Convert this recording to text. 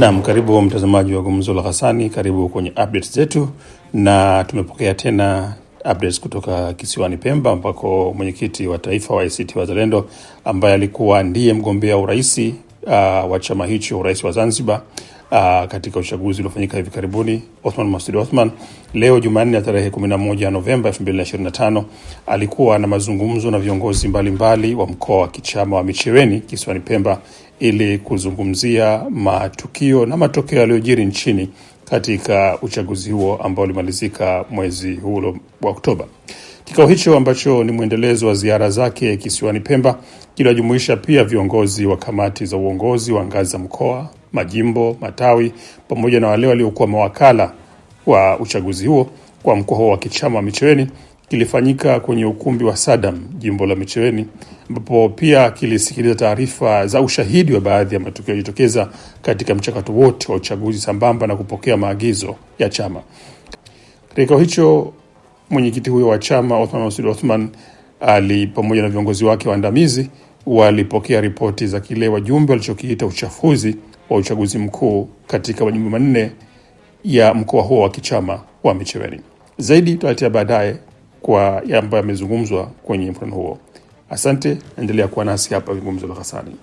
Naam, karibu mtazamaji wa Gumzo la Ghassani, karibu kwenye updates zetu, na tumepokea tena updates kutoka kisiwani Pemba ambako mwenyekiti wa taifa wa ACT Wazalendo ambaye alikuwa ndiye mgombea urais uh, wa chama hicho, rais wa Zanzibar uh, katika uchaguzi uliofanyika hivi karibuni, Othman Masoud Othman leo Jumanne ya tarehe 11 Novemba 2025 alikuwa na mazungumzo na viongozi mbalimbali mbali wa mkoa wa kichama wa Micheweni kisiwani Pemba ili kuzungumzia matukio na matokeo yaliyojiri nchini katika uchaguzi huo ambao ulimalizika mwezi huu wa Oktoba. Kikao hicho ambacho ni mwendelezo wa ziara zake kisiwani Pemba kiliwajumuisha pia viongozi wa kamati za uongozi wa ngazi za mkoa, majimbo, matawi pamoja na wale waliokuwa mawakala wa uchaguzi huo kwa mkoa huo wa kichama wa Micheweni. Kilifanyika kwenye ukumbi wa Sadam, jimbo la Micheweni, ambapo pia kilisikiliza taarifa za ushahidi wa baadhi ya matukio yaliyotokeza katika mchakato wote wa uchaguzi sambamba na kupokea maagizo ya chama. Katika kikao hicho mwenyekiti huyo wa chama Othman Masoud Othman ali pamoja na viongozi wake waandamizi walipokea ripoti za kile wajumbe walichokiita uchafuzi wa uchaguzi mkuu katika majumba manne ya mkoa huo wa kichama wa Micheweni. Zaidi tutaletea baadaye kwa ambayo yamezungumzwa kwenye mkutano huo. Asante, endelea kuwa nasi hapa Gumzo la Ghassani.